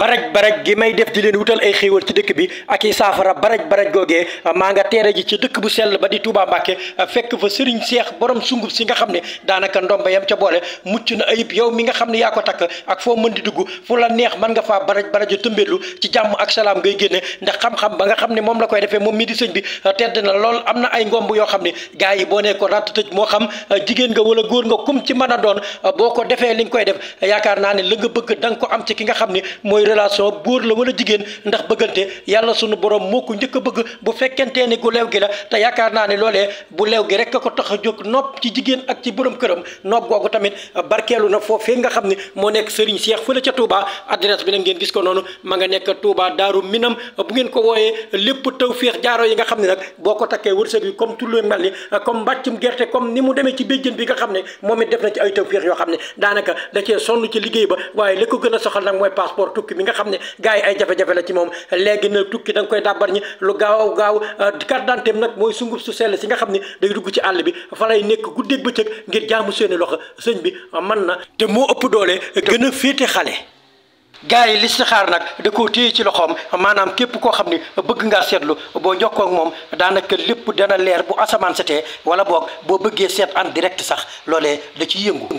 baraj baraj gi may def di leen wutal ay xéewal ci dëkk bi ak i saafara baraj baraj googee maa nga teere ji ci dëkk bu sell ba di Touba Mbacke fekk fa Serigne Cheikh borom sungub si nga xam ne daanaka ndomba yam ca boole mucc na ay ayib yow mi nga xam ne yaa ko takk ak foo mën di dugg fu la neex mën nga faa baraj baraju tëmbéetlu ci jàmm ak salaam ngay génne ndax xam-xam ba nga xam ne moom la koy defee moom mi di sëñ bi uh, tedd na lool am na ay ngomb yoo xam ne gars yi boo ne ko ratt moo xam uh, jigéen nga wala góor nga kum ci mën doon uh, boo ko defee li nga koy def yaakaar naa ne la bëgg da ko am ci ki nga xam ne mooy relation góor la wala jigéen ndax bëggante yàlla sunu borom moo ko njëkk bëgg bu fekkentee ni gu leew gi la te yaakaar naa ne loolee bu leew gi rek ko tax a jóg nopp ci jigéen ak ci borom këram nopp googu tamit barkeelu na foofee nga xam ne moo nekk Serigne Cheikh fële ca Touba adresse bi nag ngeen gis ko noonu ma nga nekk Touba Daaru Minam bu ngeen ko wooyee lépp taw féex jaaro yi nga xam ne nag boo ko takkee wërsëg bi comme tullu mel ni comme mbàccum gerte comme ni mu demee ci béjjën bi nga xam ne moom it def na ci ay taw féex yoo xam ne daanaka da cee sonn ci liggéey a soxal nag tukki bi nga xam ne gars yi ay jafe-jafe la ci moom léegi na tukki danga koy dàbbar ñi lu gaaw gaaw euh, carte d'identité nag mooy sungu su sell si nga xam ne day dugg ci àll bi fa lay nekk guddeeg bëccëg ngir jaamu seeni loxo sëñ bi man na te moo ëpp doole gën a féete xale gars yi xaar nag da koo téye ci loxoom maanaam képp koo xam ni bëgg ngaa seetlu boo jokkoo ak moom daanaka lépp dana leer bu asamaan setee wala boog boo bëggee seet en direct sax loolee da ci yëngu